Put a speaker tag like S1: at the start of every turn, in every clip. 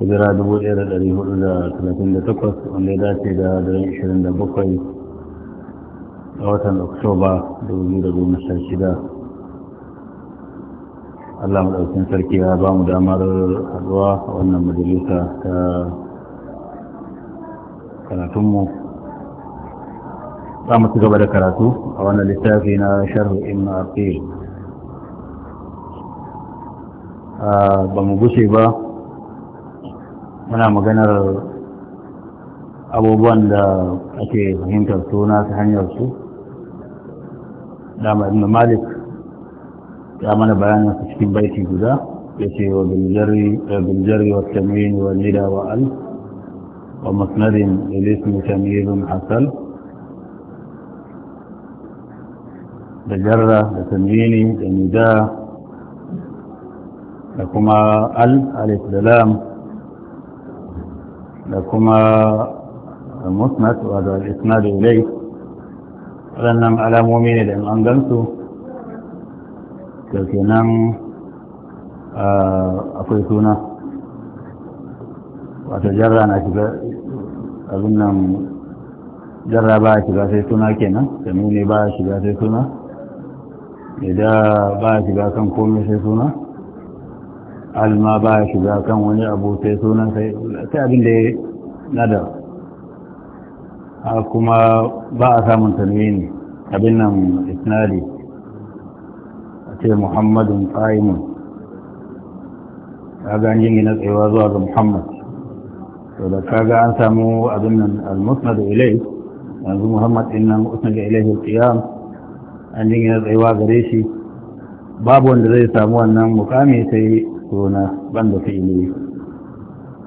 S1: hijira 1438 wanda ya dace da daren 27 a watan oktoba 2016 allah maɗaukin sarki ya ba mu damar haɗuwa a wannan majalisa ta karatunmu za mu ci gaba da karatu a wannan littafi na sharhu ibn aqil ah, ba mu gushe ba muna maganar abubuwan da ake fahimtar suna ta hanyar su dama ibn malik ya mana bayanin su cikin baiti guda ya ce wa biljari wa tamirin wa nida wa al wa masnarin ilismi tamirin hasal da jarra da tamiri da nida da kuma al alif da lam da kuma musnad wato isnad ilai waɗannan alamomi ne da an gansu da kenan akwai suna wato jarra na shiga abin nan jarra ba shiga sai suna kenan da nuni ba shiga sai suna idan ba shiga kan komai sai suna alma ba shiga kan wani abu sai sunan sai abin da ya nada kuma ba a samun ne abin nan isnadi a ce muhammadun ƙa'imun kaga an jingina tsayuwa zuwa ga muhammad to da kaga an samu abin nan al-musnad ilai yanzu muhammad din nan usnad ilaihi al-qiyam an jingina tsayuwa gare shi babu wanda zai samu wannan mukami sai suna ban da fili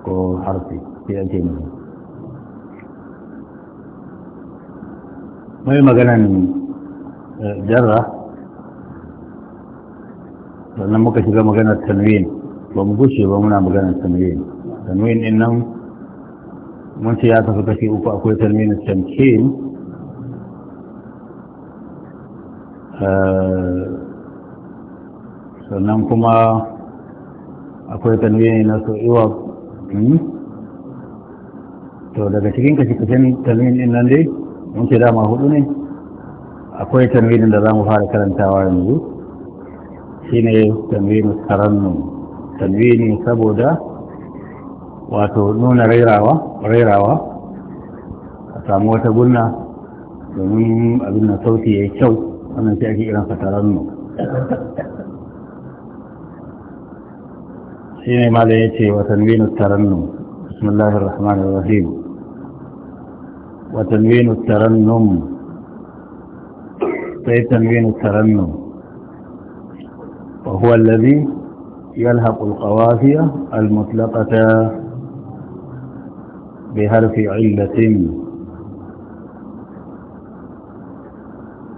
S1: ko harfi sai ake nufi mai maganan eh, jarra sannan muka shiga maganar tanwin ba mu gushe ba muna maganar tanwin tanwin in nan mun ce ya tafi kashi uku akwai tanwin tamkin eh, sannan kuma akwai kalmi na so iwa hmm? to daga cikin kashi kashin kalmin din nan dai mun ce dama hudu ne akwai kalmin da za mu fara karantawa yanzu shi ne kalmin sarannun ne saboda wato nuna rairawa rairawa a samu wata gunna domin abin na sauti ya yi kyau wannan sai ake iransa tarannun شيني ما وتنوين الترنم بسم الله الرحمن الرحيم وتنوين الترنم في تنوين الترنم وهو الذي يلحق القوافية المطلقة بحرف علة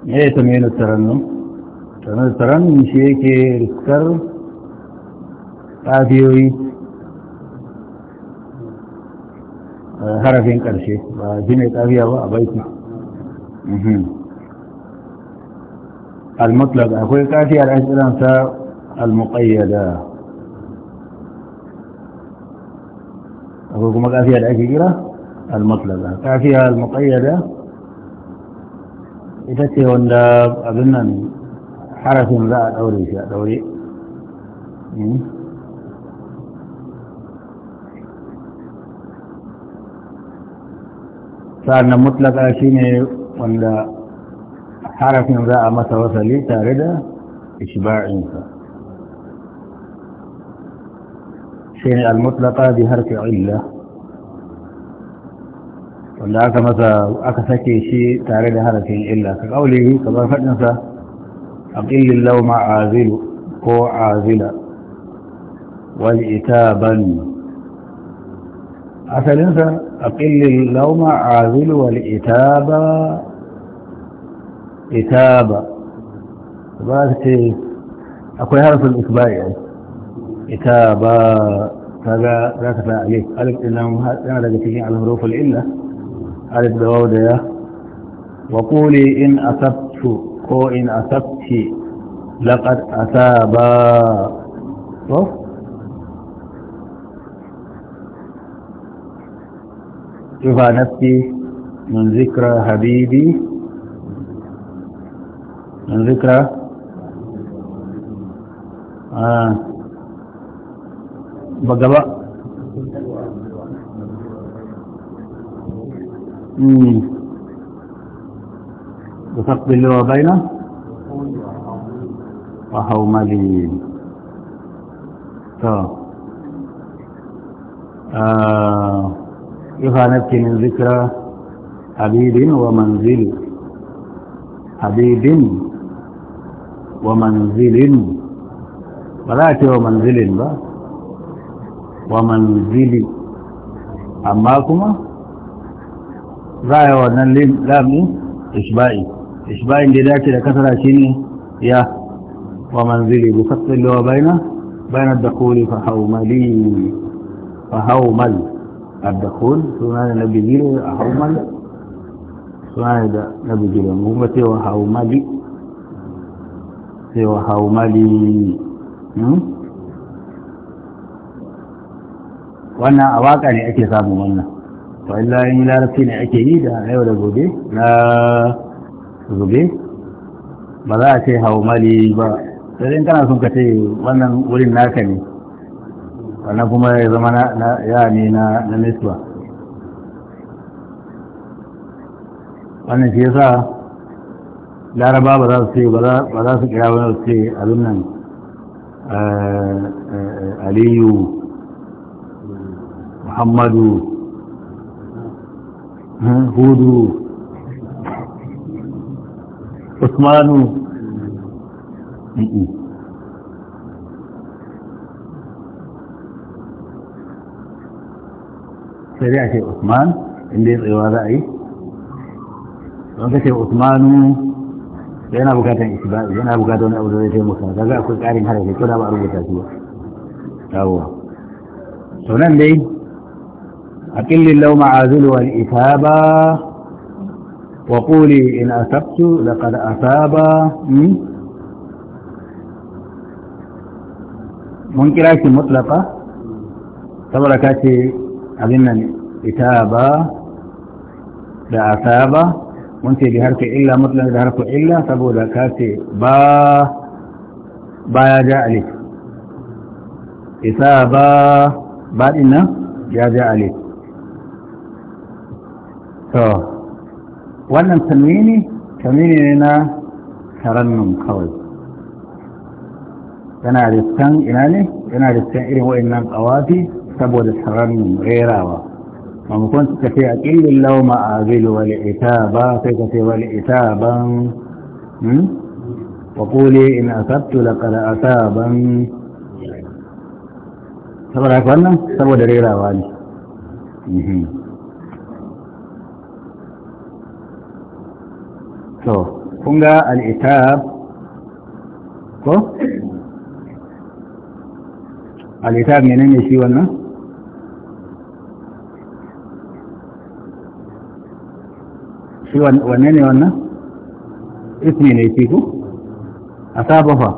S1: ايه تنوين الترنم تنوين الترنم شيكي الكرب ƙafiyoyi harafin ƙarshe ba shi ne ƙafiya ba a baiki al-mutlaq akwai ƙafiyar an kiransa al-muqayyada akwai kuma ƙafiya da ake kira al-mutlaq ƙafiya al-muqayyada ita ce wanda abin nan harafin za a ɗaure shi a ɗaure sa'annan mutlaka shine wanda harafin za a masa wasali tare da ishba'insa shine al-mutlaka bi harfi illa wanda aka masa aka sake shi tare da harafin illa ka kaulihi kamar faɗinsa aqillil lawma azilu ko azila wal itaban asalinsa أقل اللوم عاذل والإتابة إتابة بارتي أقول هذا في يعني إتابة هذا لا تفاء عليك ألف إنهم أنا لقيتني على حروف الإلة ألف دواودة وقولي إن أثبت كو إن أصبت لقد أتابا شوف نفسي من ذكرى حبيبي من ذكرى آه بقبأ بفقد اللي بينه وحوملي طب آه ifanar kinin zikira abidin wa manzili abidin wa manzilin ba za a ce wa ba wa amma kuma za a yi wannan lamin ishba'i ishba'in da ya dace da kasara shi ne ya wa manzili bukatsin lewa baina bayanar da kori fahaumali الدخول سنة نبي أحومل سنة نبي جيل هم سوى حومالي سوى حومالي wannan a waka ne ake samun wannan to illa yin larabci ne ake yi da yau da gobe na zube ba za a ce hau mali ba sai kana sun ka ce wannan wurin naka ne wannan kuma ya zama na yani na na wannan shi yasa laraba ba za su ce ba za su kira wani su ce abin nan eh, eh, eh, aliyu muhammadu hudu
S2: usmanu
S1: sai a ce usman inda ya tsayawa za a yi don ka ce usmanu yana bukatar isba'i yana bukatar wani abu da zai taimaka kaga akwai karin harafi ko da ba a rubuta shi ba kawo to nan dai a أقل اللوم عازل والإثابة وقولي إن أصبت mun kira shi مطلقة saboda ka ce abin nan ita ba da asaba mun ce bi harfi illa mutlaka da harfi illa saboda ka ce ba ba ya ja alif isa ba ba din nan ya ja alif to wannan tamini tamini ne na tarannum kawai yana riskan ina ne yana riskan irin wa'in nan ƙawafi. saboda tsaranin rerawa mamakon suka ce a ƙillin lauma a zilu wale ita ba sai ka ce wale ita ban wakuli hmm? in sabtu da a asa ban saboda wannan saboda rerawa ne so mhm. kun ga al'itab ko? al'ita menene shi wannan? shi wanne ne wannan ismi ne shi ku asaba fa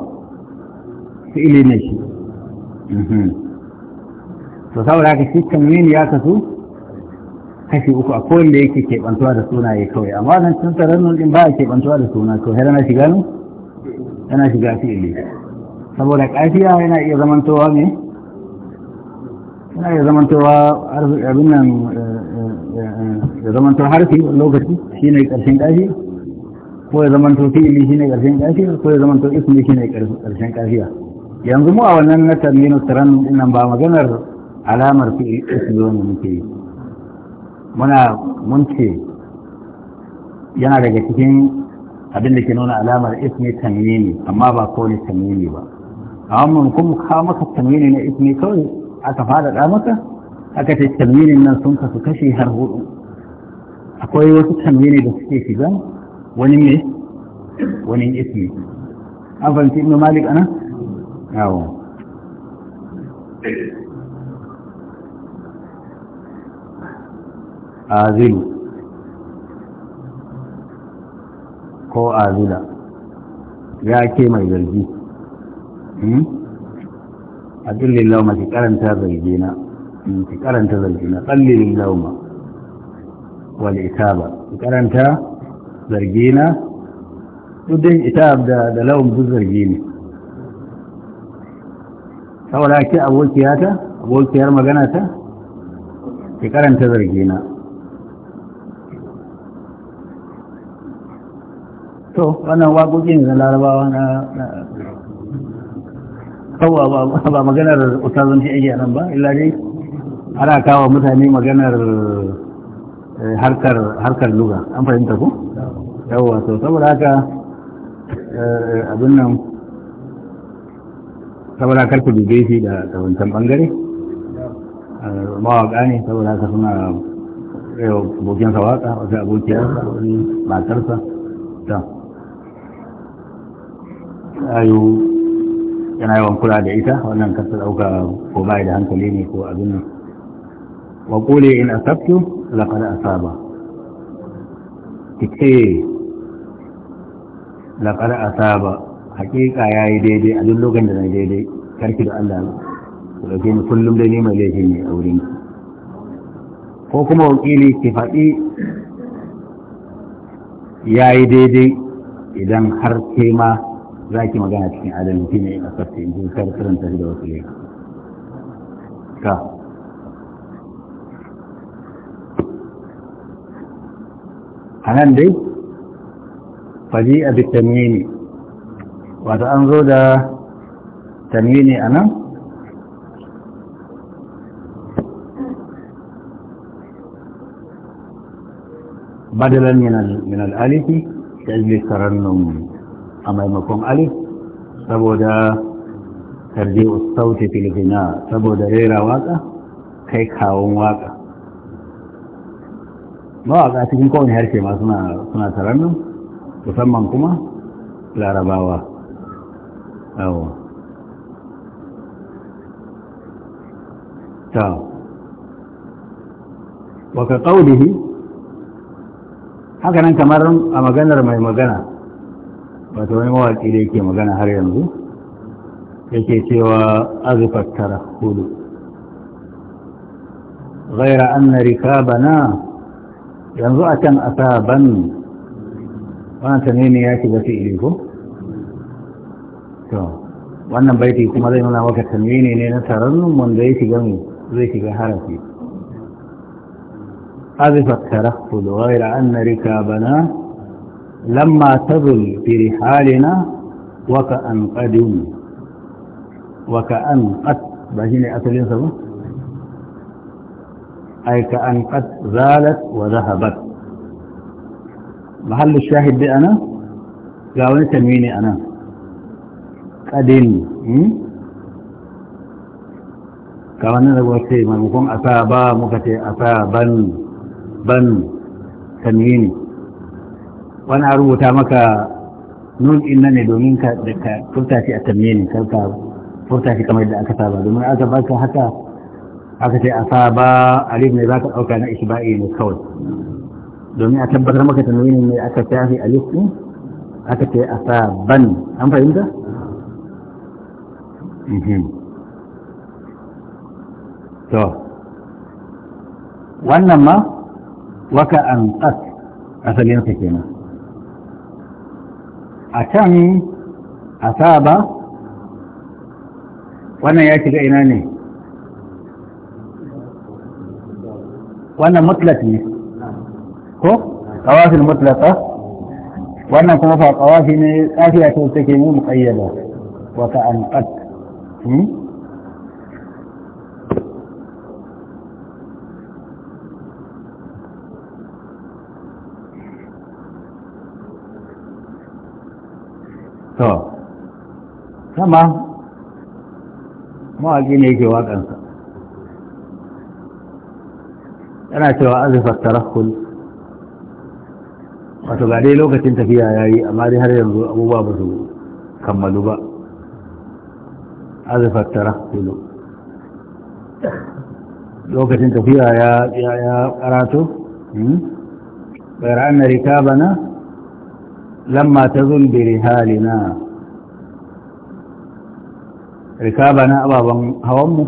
S1: fi'ili ne shi mhm. to saboda ka shi tamimi ya kasu kashi uku a kowane da yake keɓantuwa da ya kawai amma nan cin tsarannu din ba a keɓantuwa da suna to hera yana shiga nu yana shiga fi'ili saboda ƙafiya yana iya zamantowa ne yana eh, eh, eh, ya zamantowa abin nan ya zamanto harfi lokaci shi ne ƙarshen ƙashi ko ya zamanto fi'ili shi ne ƙarshen ƙashi ko ya zamanto ismi shi ne ƙarshen ƙashiya yanzu mu a wannan na tarminu tsaron nan ba maganar alamar fi'il ismi wanda muke yi muna mun ce yana daga cikin abin da ke nuna alamar ismi tamimi amma ba kowane tamimi ba amma mun kuma kawo maka tamimi na ismi kawai aka faɗaɗa maka aka ce tanwinin nan sun kasu kashe har hudu akwai wasu tanwini da suke shiga wani ne wani ismi an fahimci ibn malik ana Yawon. azilu ko azila ya ke mai zargi hmm? a lauma ki karanta zargina, na ki karanta zargina, na tsallin lauma wal itaba ki karanta zargina na duk dai itab da da laum duk zarge ne saboda ki abokiyata abokiyar magana ta ki karanta zargina. to wannan waƙoƙin na larabawa na kawo ba maganar utazanci ake nan ba illa dai ana kawo mutane maganar eh, harkar luga an fahimta ku? yawwa so saboda haka eh, abin nan saboda karku dube shi da wancan bangare
S2: eh,
S1: mawaƙa ne saboda haka suna abokinsa waƙa wasu abokiyarsa wani matarsa ta ayo yana yawan kula da ita wannan kasa dauka ko bai da hankali ne ko abin wa kule in asabtu laqad asaba kike laqad asaba hakika yayi daidai a duk lokacin da na daidai karki da Allah ku dauke ni kullum dai ni mai laifi ne a wurin ko kuma wakili ki faɗi yayi daidai idan har kai ma راكي مجانا تكين على المتين اي اصبتي انتو سارة سرن تهيدا وصلي بالتنوين وعطا انظر تنويني انا بدلا من, من الالف تجلس ترنم a maimakon alif saboda tarbi sauti filifina saboda rera waka kai kawon waka mawaka cikin kowane harshe ma suna tarannin musamman kuma larabawa yawon ta waka ƙaunihi haka nan kamar a maganar mai magana wata wani mawaƙi da yake magana har yanzu yake cewa azufar tara hudu ghaira anna na yanzu a can a wani ta nemi ya shiga fi'ili ko to wannan baiti kuma zai nuna maka tanini ne na tarannum wanda ya shiga mu zai shiga harafi azifat taraffud ghaira rika bana? لما تظل في رحالنا وكأن قدم وكأن قد باشيني أتلين سبا أي كأن قد زالت وذهبت محل الشاهد دي أنا قاوني تنويني أنا قدم قاوني نقول شيء ما مكون أصابا مكتي أصابا بن تنويني wani a rubuta maka nun in nan ne domin ka furta shi a tamme ne kar ka furta shi kamar da aka saba domin aka baka haka aka ce a saba alif ne zaka dauka ɗauka na isba'i ne kawai domin a tabbatar maka tanwinin ne aka shafi alif ɗin aka ce a saban an fahimta? Mhm. to wannan ma waka an asalin asalinsa kenan a can a saba wannan ya shiga ina ne wannan mutlak ne ko kawafin mutlaka wannan kuma fa kawafi ne tsafiya ta take mu wa wata an ƙat sama mawaƙi ne yake waƙansa yana cewa azifar tarakul wato ga dai lokacin tafiya ya yi amma dai har yanzu abubuwa ba su kammalu ba azifar tarakulu lokacin tafiya ya karatu hmm? bayar an na rika bana lamma ta zumbiri halina rikaba na ababen hawanmu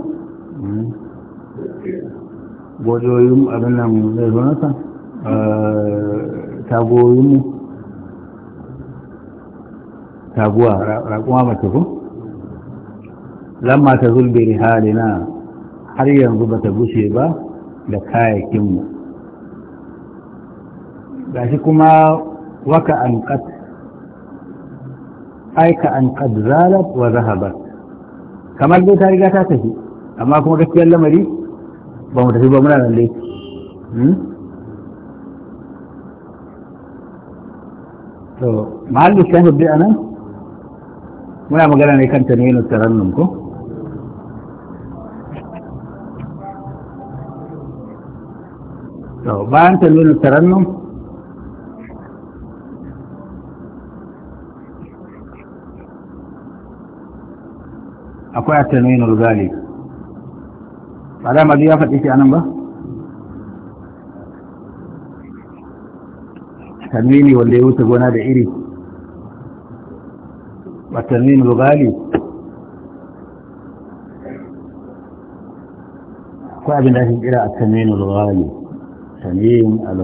S1: hmm. gojoyin abin nan zai zonata eh, tagoyinmu taguwa raƙuwa mace ku lamma ta zulbe na, har yanzu ba ta gushe ba da kayakinmu shi kuma waka an ƙad aika an ƙad zalat wa zahabat kamar dai ta riga ta tafi amma kuma gaskiyar lamari ba mu tafi ba muna nan dai hmm? to mahallin shahid dai anan muna magana ne kan tanwinin tarannum ko to bayan tanwinin tarannum akwai a tanwinul gali alamar ya faɗi shi anan ba tanwini wanda ya wuce gona da iri ba tanwinul gali akwai abin da ake kira a tanwinul gali tanwin al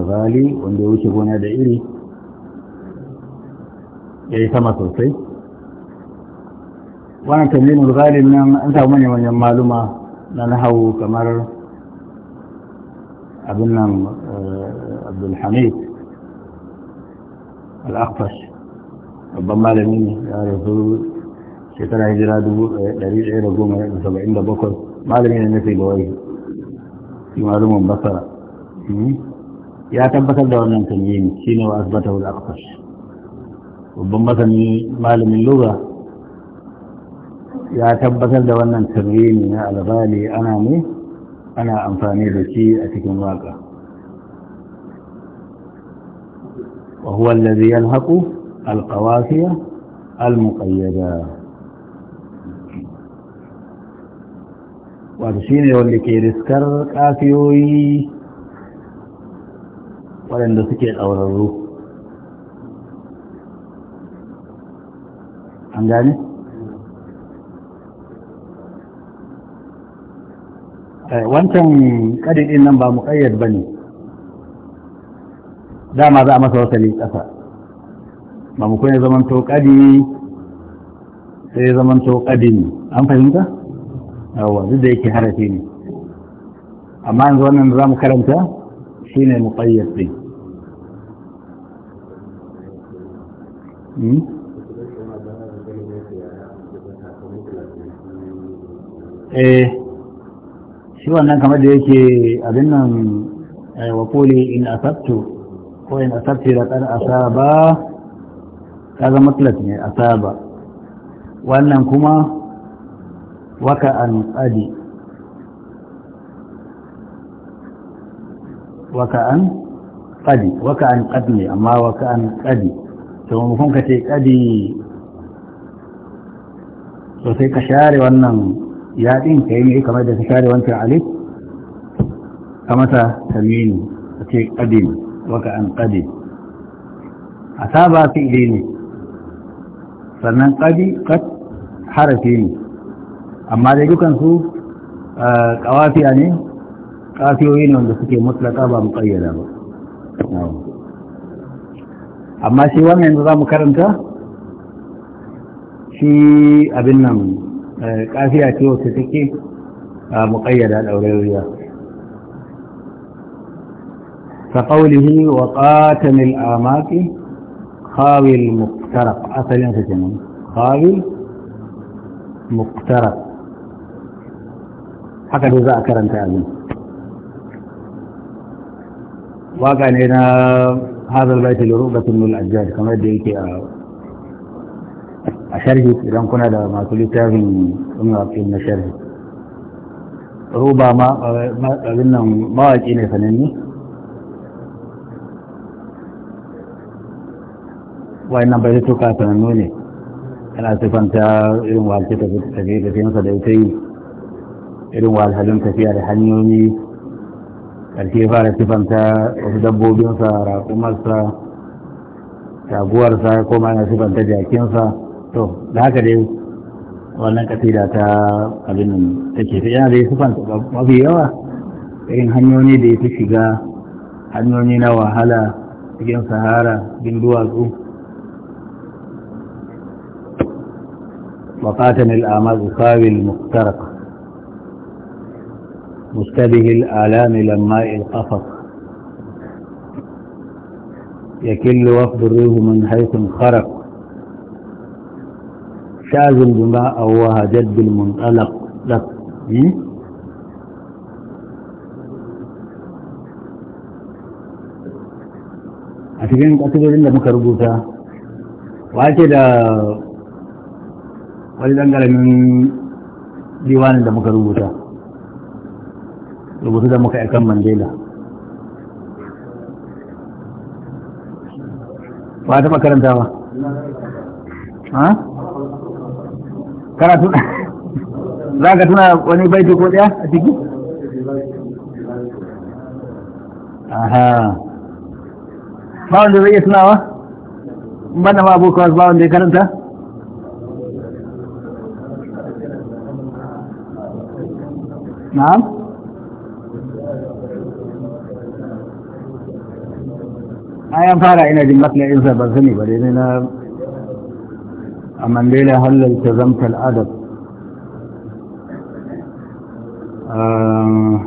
S1: wanda ya wuce gona da iri ya yi sama sosai wannan tambayin galin nan an samu manya-manyan maluma na nahawu kamar abin nan abdulhamid al'akfas babban malami ne ya rasu shekara hijira 1,177 malami ne na filowai shi malumin basara ya tabbatar da wannan tambayin shi ne wa asibatar al'akfas babban masani malamin lura يا تبتل da wannan tarihi na albali ana ne ana amfani da shi واقع وهو الذي ينهق القوافي المقيده وارسين يقول لك يرسكر قافيوي ولن دسك يدور الروح عن ذلك Eh, wancan kadin din nan ba mu ba bane dama za a masa wasali kasa ba mu kone zaman to kadi sai zaman to kadin an fahimta yawa duk da yake harafi ne amma yanzu wannan za mu karanta shine muqayyad din hmm? eh shi wannan kamar da yake abin nan eh, wa kuli in asabtu ko in asabti da kan asaba zama matlat ne asaba wannan kuma waka an qadi waka an qadi waka an qadi ne amma waka an qadi to mun kun ka ce qadi to sai ka share wannan ya ɗin ka yi ne kamar da ta share wancan alif ka masa tamini a ce ƙadin waka an ƙadi a saba fi'ili ne sannan ƙadi ƙad harafi ne amma da dukansu ƙawafiya ne ƙafiyoyi ne wanda suke mutlaka ba mu ƙayyada ba amma shi wannan yanzu za mu karanta shi abin nan كافية كيو تتكي آه، مقيدة الأولوية فقوله وقاتل الآماك خاوي المقترق أصل ينفتن خاوي مقترق حكا جزاء كرم تأذن واقع هنا هذا البيت لرغبة من الأجاج كما يجيك a sharhi idan kuna da masu littafin sun na sharhi ruba ma abin nan mawaƙi ne sananne wayannan bai tuka sanannu ne yana sifanta irin wahalce tafiye da fiyansa da ita yi irin wahalhalin tafiya da hanyoyi ƙarshe fara sifanta wasu dabbobinsa raƙumarsa taguwarsa ko ma yana sifanta jakinsa to da haka dai wannan kasida ta abin nan take ta yana da sufan mafi yawa irin hanyoyi da ya fi shiga hanyoyi na wahala cikin sahara bin duwatsu وقاتل الآمال أساوي المخترق مشتبه الآلام لما القفص يكل وفد الروح من حيث انخرق شاذ بما أواه جد المنطلق لك a cikin ƙasirorin da muka rubuta wace da wani ɗangaramin diwanin da muka rubuta rubutu da muka aikan mandela ba ta makarantawa ha?
S2: kana tuna za ka tuna
S1: wani baiti ko daya a ciki aha ba wanda zai iya tunawa ban da ma abokan ba wanda ya karanta na'am a yan fara ina jin matsayin sa ban sani ba dai na أما ليلة هل التزمت الأدب
S2: آه.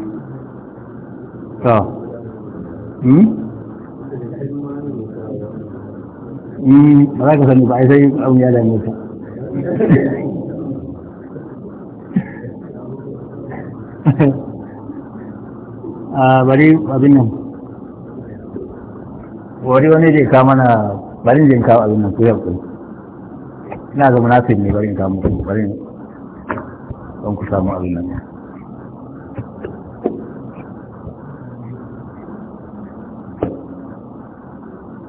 S2: طب
S1: راك سني باي سي او يا لاني a bari abin nan wari wani zai kama na barin zai kawo abin nan ku yau ina ga munafin ne barin ga muku barin don ku samu abin nan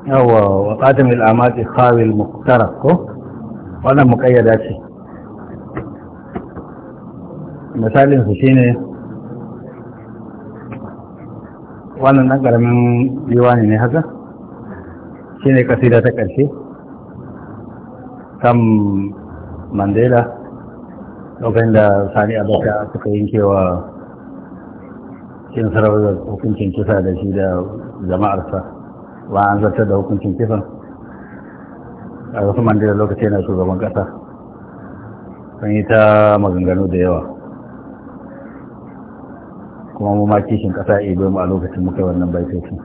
S1: yawa wa qadim al amati khawi al muqtara ko wannan muqayyada ce misalin su shine wannan dan karamin yiwani ne haka shine kasida ta karshe kan mandela lokacin da sani abacha suka yankewa cin sarauta hukuncin kisa da shi da jama'arsa ba an zartar da hukuncin kisan a wasu mandela lokaci na shugaban kasa sun yi ta maganganu da yawa kuma mu ma kishin kasa ibe mu a lokacin muka wannan baitocin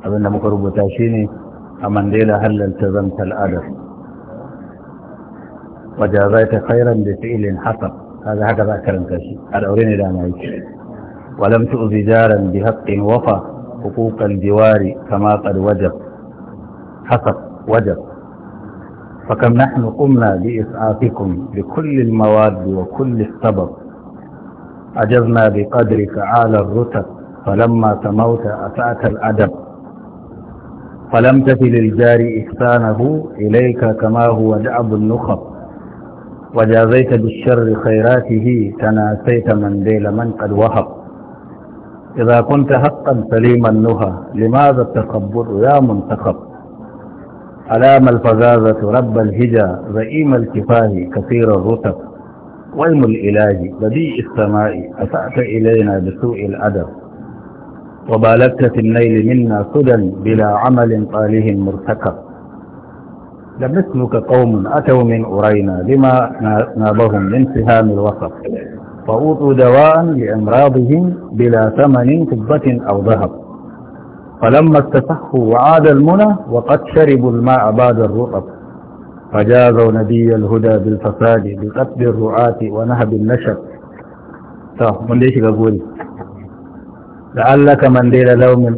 S1: abinda muka rubuta shi ne أمن ديل هل التزمت الأدب وجازيت خيرا بفعل حسن هذا هكذا كلام شيء الأورين إلى معيك ولم تؤذي جارا بحق وفى حقوق الجوار كما قد وجب حسب وجب فكم نحن قمنا بإسعافكم بكل المواد وكل السبب أجزنا بقدرك على الرتب فلما سموت أسأت الأدب فلم تفل الجار إحسانه إليك كما هو دعب النخب وجازيت بالشر خيراته تناسيت من ديل من قد وهب إذا كنت حقا سليم النهى لماذا التكبر يا منتخب ألام الفزازة رب الهجا زئيم الكفاه كثير الرتب ويم الإله بديء السماء أسأت إلينا بسوء الأدب وبالغت في الليل منا سدى بلا عمل قاله مرتكب لم قوم أتوا من أرينا لما نابهم من سهام الوسط فأوطوا دواء لأمراضهم بلا ثمن قبة أو ذهب فلما استفحوا وعاد المنى وقد شربوا الماء بعد الرطب فجازوا نبي الهدى بالفساد بقتل الرعاة ونهب النشب طب من ليش بقول لعلك من دير لو من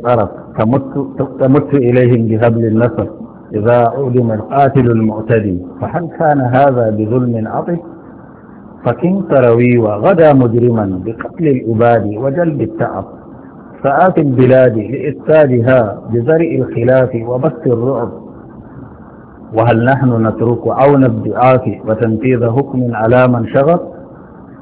S1: تمت, تمت إليهم بهبل النصر إذا علم القاتل المعتدي فهل كان هذا بظلم عطف فكن تروي وغدا مجرما بقتل الأباد وجلب التعب فآت البلاد لإفسادها بزرع الخلاف وبث الرعب وهل نحن نترك عون الدعاة وتنفيذ حكم على من شغط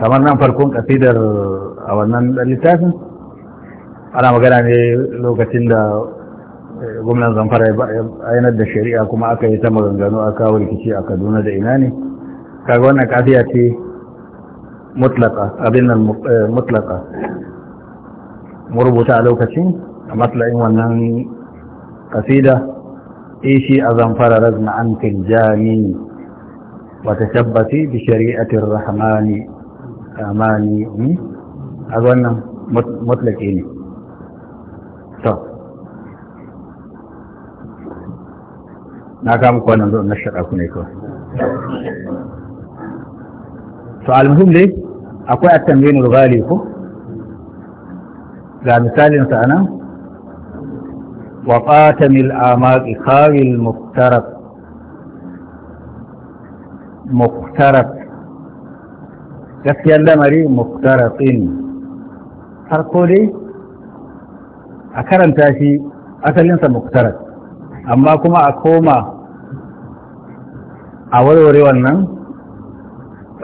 S1: kamar nan farkon kasidar a wannan littafin ana magana ne lokacin da eh, gwamnan zamfara ya ainihin da shari'a kuma aka yi ta maganganu a kawo rikici a kaduna da ina ne kaga wannan kafiya ce mutlaka abin nan eh, mutlaka murubuta a lokacin a matlayin wannan kasida ishi e, a zamfara razna an jami wata tabbati bi shari'atin rahmani samani hmm? a wannan mutlake ne to na kama wannan zuwa na shaɗa ku ne kawai to almuhim dai akwai attambayin rubali ko ga misalin sa nan wa qatamil amaqi khawil muktarab gaskiyar lamari muktaratin farko dai a karanta shi asalinsa muktarat amma kuma a koma a warware wannan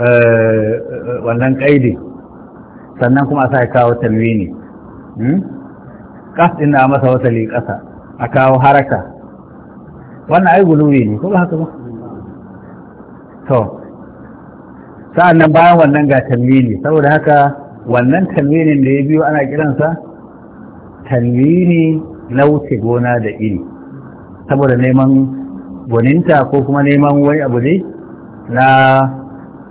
S1: eh, wannan ƙaidi sannan kuma a sa ya kawo talwini ƙas hmm? na masa wata ƙasa a kawo haraka wannan ai guluwi ne ko ba haka ba to nan bayan wannan ga tanwini saboda haka wannan tanwinin da ya biyo ana kiransa tanwini na wuce gona da iri saboda neman gwaninta ko kuma neman wani abu ne na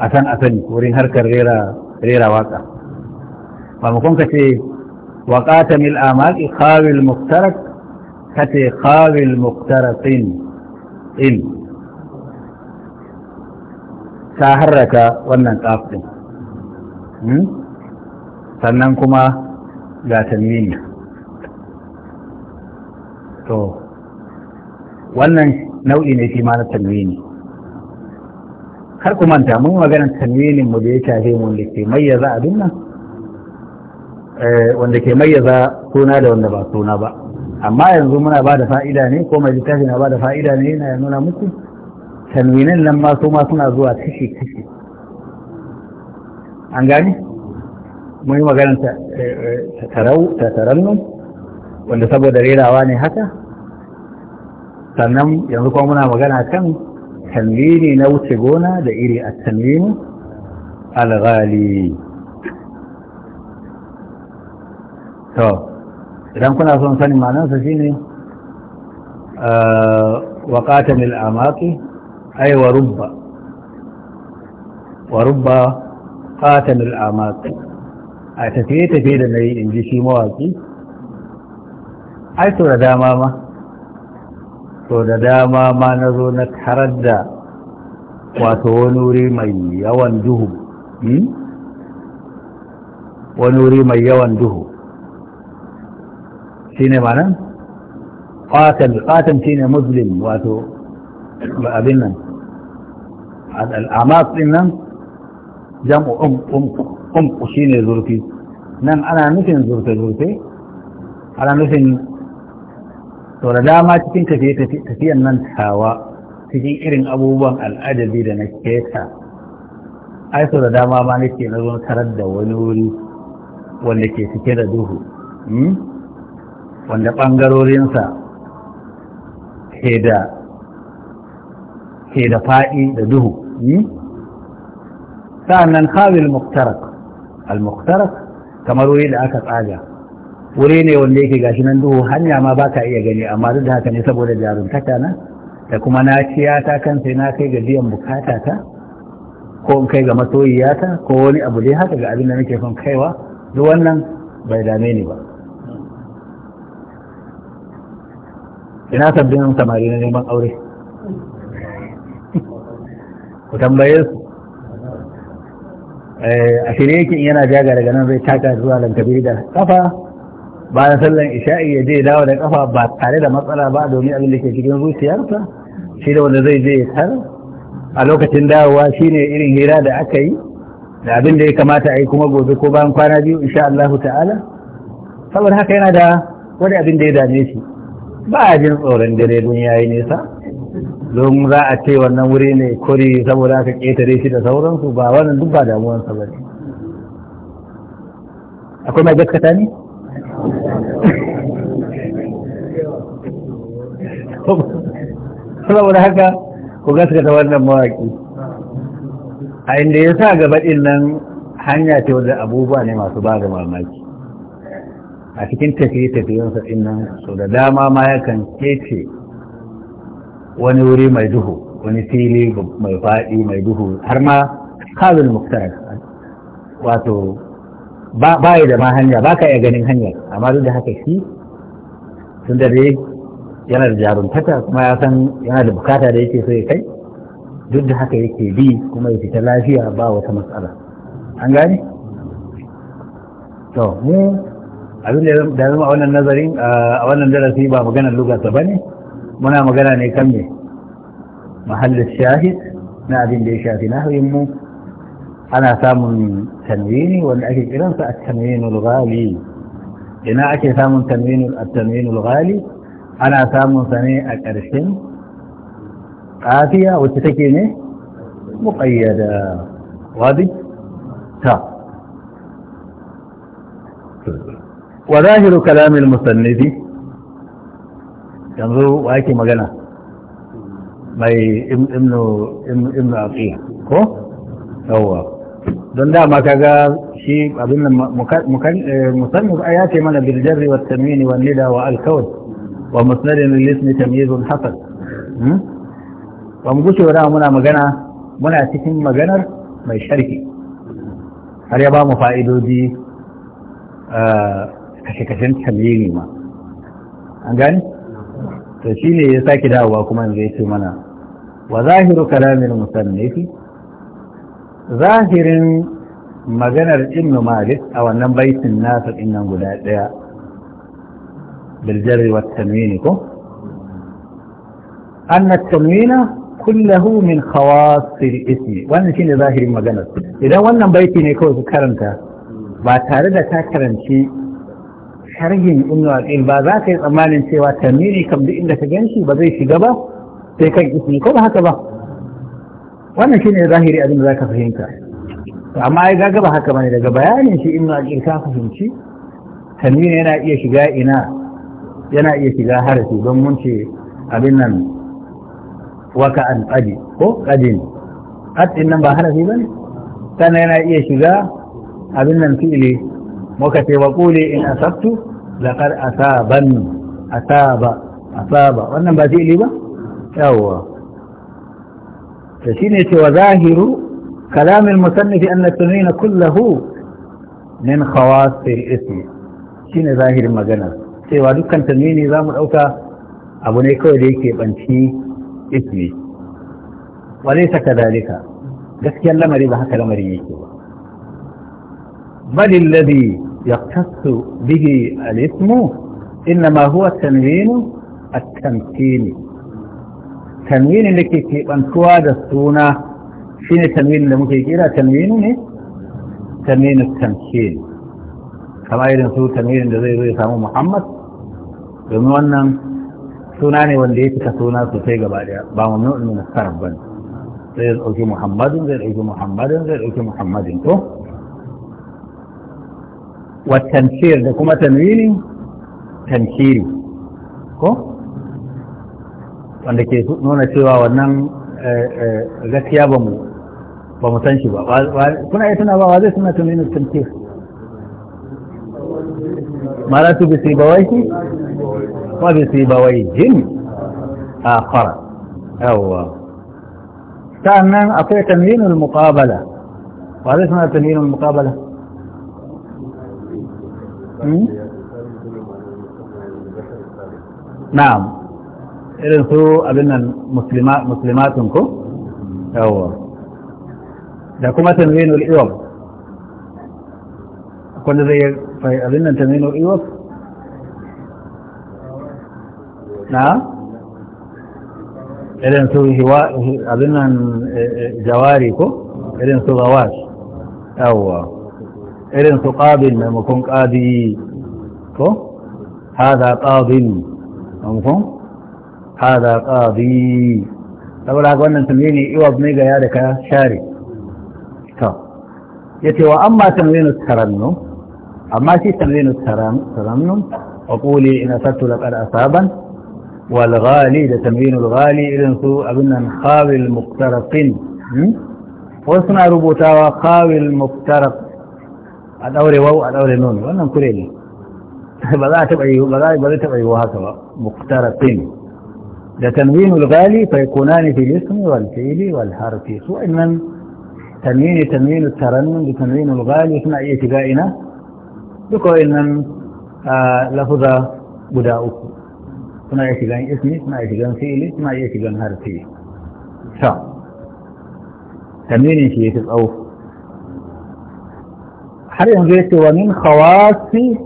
S1: a san asali wurin harkar rera waka mu ka ce waƙata mil amaki khawil muktarak ka ce khawil muktarakin in ta harraka wannan tsafin hmm? sannan kuma ga tanwini to wannan nau'i ne shi ma na tanwini har kuma ta mun maganar tanwinin mu da ya tafi mu da ke mayyaza abin nan eh, wanda ke mayyaza suna da wanda ba suna ba amma yanzu muna ba da fa'ida ne ko mai littafi na ba da fa'ida ne yana nuna muku tanwinin nan ma su ma suna zuwa kashi kashi an gani mun yi ta
S2: eh,
S1: tatarannun wanda saboda rerawa ne haka sannan yanzu kuma muna magana kan tanwini na wuce gona da iri a tanwini alghali to idan kuna son sanin ma'anarsa shine eh, qatamil الأماقي أي ورب ورب قاتل الأعماق a tafiye-tafiye da na yi in ji shi mawaƙi ai to da dama ma to da dama ma na na tarar da wato wani wuri mai yawan duhu wani wuri mai yawan duhu ƙatan wato abin nan al'amas ɗin nan jam'u umku um, um, shi ne zurfi nan ana nufin zurfe-zurfe ana nufin to da dama cikin tafiyan nan tawa cikin irin abubuwan al’adabi da na keta ai so da dama ma nake na zo tarar da wani wuri wanda ke cike da duhu hmm? wanda ɓangarorinsa ke da fa'i da duhu sa'annan khawil muktarak al-muktarak kamar wuri da aka tsaga wuri ne wanda yake gashi nan duhu hanya ma baka iya gani amma duk da haka ne saboda jaruntaka na da kuma na ciya ta kan sai na kai ga biyan bukata ta ko in kai ga masoyiyata ko wani abu dai haka ga abin da nake son kaiwa duk wannan bai dame ni ba ina sabbin samari na neman aure ku tambaye su eh, a shirye yake yana jaga daga nan zai taka zuwa lankabiri da kafa bayan sallan isha'i ya je dawo da kafa ba tare da matsala ba domin abin da ke cikin zuciyarsa shi da wanda zai je ya tar a lokacin dawowa shine irin hira da aka yi da abin da ya kamata a yi kuma gobe ko bayan kwana biyu insha Allah ta'ala saboda haka yana da wani abin da ya dame shi ba a jin tsoron dare don yayi nesa don za a ce wannan wuri ne kuri saboda aka ƙetare shi da sauransu ba wannan duk ba damuwansa ba ne akwai mai gaskata ne? saboda haka ku gaskata wannan mawaƙi a inda ya sa gaba ɗin nan hanya ce wadda abubuwa ne masu ba da mamaki a cikin tafiye-tafiyensa ɗin nan so da dama ma yakan kece wani wuri mai duhu wani fili mai faɗi mai duhu har ma kazin muktarar wato ba ya da ma hanya ba ka iya ganin hanya amma duk da haka shi tun da dai yana da kuma ya san yana da bukata da yake so ya kai duk da haka yake bi kuma ya fita lafiya ba wata matsala an gane? to mu abin da ya zama a wannan nazarin a wannan darasi ba maganar lugarsa ba ne منا مقالا نيكمي محل الشاهد نادي لي شافي نهو يمو أنا ثام تنويني والأكل أجل فالتنوين الغالي إن أجل ثام تنوين التنوين الغالي أنا ثام ثاني الأرسم قاتية وتتكيني مقيدة وابد تا وظاهر كلام المصنفي yanzu wa yake magana mai imnu aqiya ko yawwa don dama kaga shi abin nan eh, musamman ya ce mana birjari wa tamini wa nida wa al wa musnadin lil ismi tamyizun hasan hmm? ba mu gushe wa muna magana muna cikin maganar mai sharhi har ya ba mu fa'idodi ah, kashe-kashen tamini ma an gani to ne ya sake dawowa kuma yanzu ya ce mana wa zahiru kalamin musannifi zahirin maganar ibnu malik a wannan baitin nasa dinnan guda daya بالجر والتنوين كو أن التنوين كله من خواص الاسم wannan shine zahirin maganar idan wannan baiti ne kawai ku karanta ba tare da ta karanci sharhin ibnu aqil ba za ka yi tsammanin cewa tamiri kam duk inda ka ganshi ba zai shiga ba sai kan ismi ko ba haka ba wannan shine zahiri abin da ka fahimta amma ai ga ba haka bane daga bayanin shi ibnu aqil ka fahimci tamiri yana iya shiga ina yana iya shiga harafi don mun ce abin nan waka an qadi ko qadin qadin nan ba harafi bane sannan yana iya shiga abin nan fi'ili muka ce wa kule in asabtu laqad asaban asaba asaba wannan ba fi'ili ba yawwa shi ne cewa zahiru kalam al-musannif anna at kulluhu min khawas al shi shine zahirin magana cewa dukkan tanwini zamu dauka abu ne kawai da yake banci ismi walaysa kadalika gaskiyar lamari ba haka lamari yake ba bal alladhi يقتص به الاسم إنما هو تنوين التمكين تنوين لكي تبنتوا دستونا شين تنوين لمكي كيرا تنوين تنوين التمكين كما يرنسو تنوين لذي ذي سامو محمد يومنا suna ne wanda ya cika suna sosai gaba daya ba mu nuna sarraf bane zai dauki muhammadin zai dauki muhammadin zai dauki muhammadin to والتنسير ده كما تنويني تنسيري كو وانده إيه؟ كي نونا سيوا ونن آه، آه، غسيا بمو بمو تنشي با كنا يتنا با وازي سنة تنويني التنسير مالاتو بسيبا ويشي ما بسيبا ويجن آخر أو كان أطيع تنوين المقابلة وهذا اسمها تنوين المقابلة نعم إذن سو أبنى المسلمات انكم أهو لكم تنوين الإيوب كنت زي فأبنى تنوين الإيوب نعم إذن سو هوا أبنى جواريكم إذن سو غواش أهو irin su ƙadin maimakon ƙadi ko haza ƙadin maimakon haza ƙadi saboda haka wannan tambayi iwab ne ga ya da ka share to ya ce wa amma tambayin tarannu amma shi tambayin tarannu a ƙuli ina sattu da ƙar asaban walghali da tambayin alghali irin su abin nan khawil muktarafin hmm? wasu suna rubutawa khawil muktarafin الأوري واو الأوري نون وأنهم كليلي بذا تبعيه بذا بذا تبعيه وهكذا مقترطين لتنوين الغالي فيكونان في الاسم والفعل والحرف وإنما تنوين تنوين الترنم لتنوين الغالي اثناء اعتقائنا بقول إنما آه، لفظ بداؤك اثناء اعتقائن اسمي اثناء اعتقائن فعلي اثناء اعتقائن حرفي ف تنوين في الاسم har yanzu ya ce wa min khawasi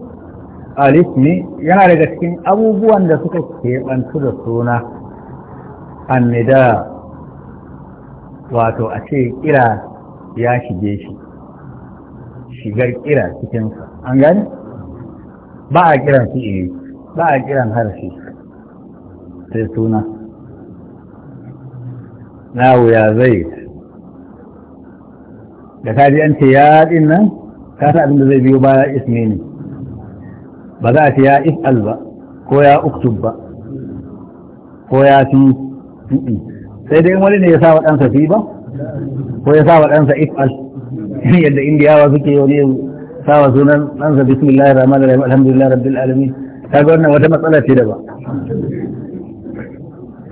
S1: alismi yana daga cikin abubuwan da suka keɓantu da suna annida wato a ce kira ya shige shi shigar kira cikinsa an gani ba a kiran fi'ili eh, ba a kiran harshe sai suna na wuya zai da kaji an ce ya ɗin nan ka san abin da zai biyo baya isme ne ba za a ce ya if'al ba ko ya uktub ba ko ya fi sai dai wani ne ya sa wa ɗansa fi ba ko ya sa wa ɗansa if'al yadda indiyawa suke wani sa wa sunan ɗansa bismillahir rahmanir rahim alhamdulillah rabbil alamin kaga wannan wata matsala ce da ba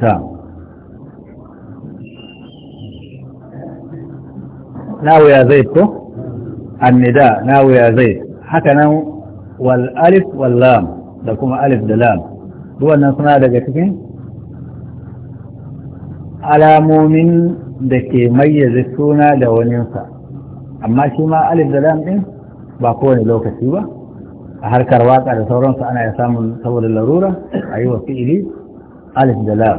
S1: ta na wuya zai ko annida nawu ya zai haka nan wal alif wal lam da kuma alif da lam duwannan suna daga cikin alamomin da ke mayyaze suna da waninsa amma shi ma alif da lam din ba kowane lokaci ba a harkar waka da sauransu ana ya samun saboda larura a yi wa fi'ili alif da lam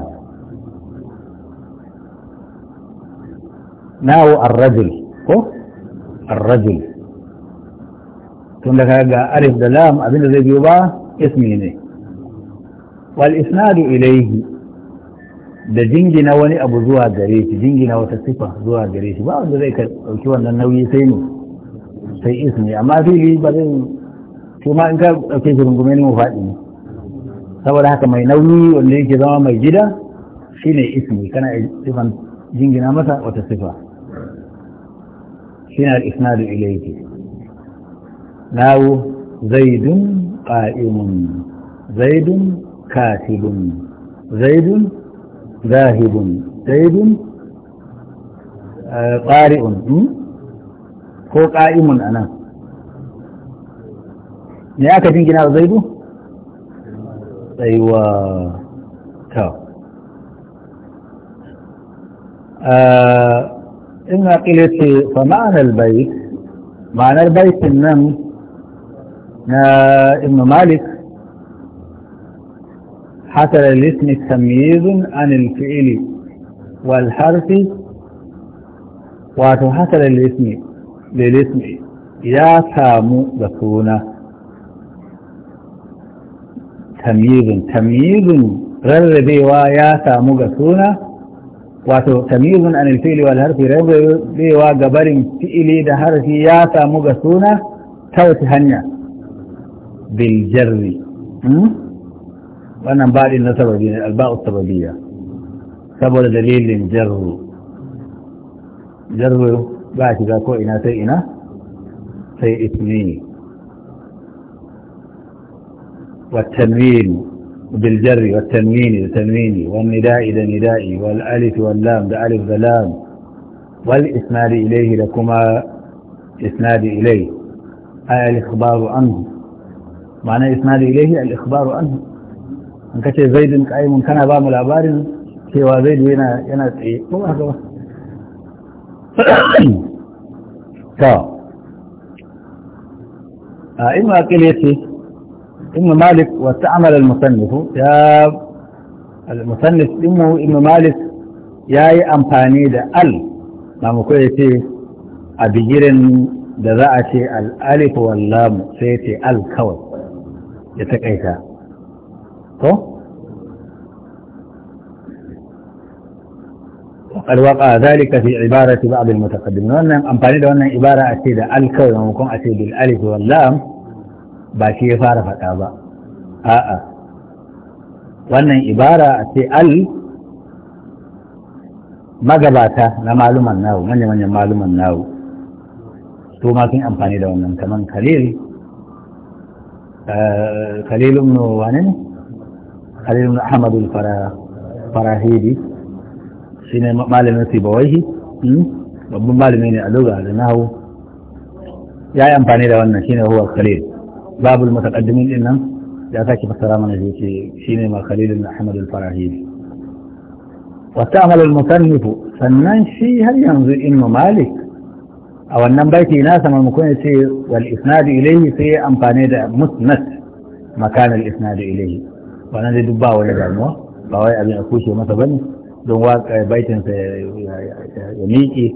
S1: nawo arrajul ko arrajul tun da ga alif da lam abinda zai biyo ba ismi ne wal isnadu ilaihi da jingina wani abu zuwa gare shi jingina wata sifa zuwa gare shi ba wanda zai dauki wannan nauyi sai ne sai ismi amma fili ba zai to ma in ka dauke shi rungume ne mu faɗi ne saboda haka mai nauyi wanda yake zama mai gida shine ismi kana sifan jingina masa wata sifa shi al-isnadu ilaihi لاو زيد قائم زيد كاتب زيد ذاهب زيد آه، قارئ هو قائم انا ني يعني اكا دينا زيد ايوا تا ا آه، ان قلت فمعنى البيت معنى البيت النمس آه، ابن مالك حصل الاسم تمييز عن الفعل والحرف وحصل الاسم للاسم يا سامو بكونا تمييز تمييز رربي ويا سامو بكونا واتو تمييز عن الفعل والحرف رربي وقبر فعلي دهرفي يا سامو بكونا توتي هنيا بالجر وانا بعد na sababi الباء alba'u sababiya دليل جر جر jarru ba shiga سيئنا سيء اثنين والتنوين بالجر والتنوين والتنوين والنداء ذا نداء والألف واللام ذا ألف ده لام والإسناد إليه لكما إسناد إليه أي الإخبار عنه ma'ana isnadu ilaihi al-ikhbaru anhu an kace zaidun qa'imun kana ba mu labarin cewa zaidu yana yana tsaye ko haka ba to a in ma kile ce in malik wa ta'amal al-musannif ya al-musannif din mu in malik yayi amfani da al ba mu koyi a bigirin da za a ce al-alif wal sai ce al kawai ya taƙaita. To? Alwaƙa za ni ibara ta ba abin matakadin na wannan amfani da wannan ibara a ce da alkawar da mukan a alif wa lam ya fara faɗa ba. A'a. Wannan ibara a al magabata na maluman nawu manya-manyan maluman nawu. To ma amfani da wannan kamar Khalil خليل بن وانين خليل بن احمد الفرا فراهيدي شنو مالي نتي بويه ربما مالي مني ادوغا لانه يا امباني ده وانا شنو هو خليل باب المتقدمين انهم يا ساكي بسلام انا جيتي ما خليل بن احمد الفراهيدي وتعمل المصنف فنان شيء هل ينظر انه مالك a wannan baiti na sama muku ne ce wal isnadu ilayhi sai amfani da musnad makan al isnadu ilayhi wannan dai duk ba wani damuwa ba wai abin a kushe masa bane don waka baitin sa ya miƙe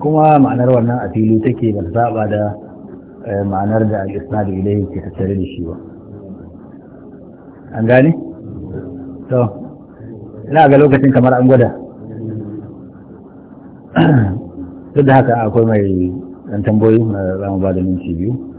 S1: kuma ma'anar wannan a take ba saba da eh, ma'anar da al isnadu ilayhi ke tattare da shi ba an gane to ina ga lokacin kamar an gwada duk da haka akwai mai ɗan tambayoyi na zama ba da minti biyu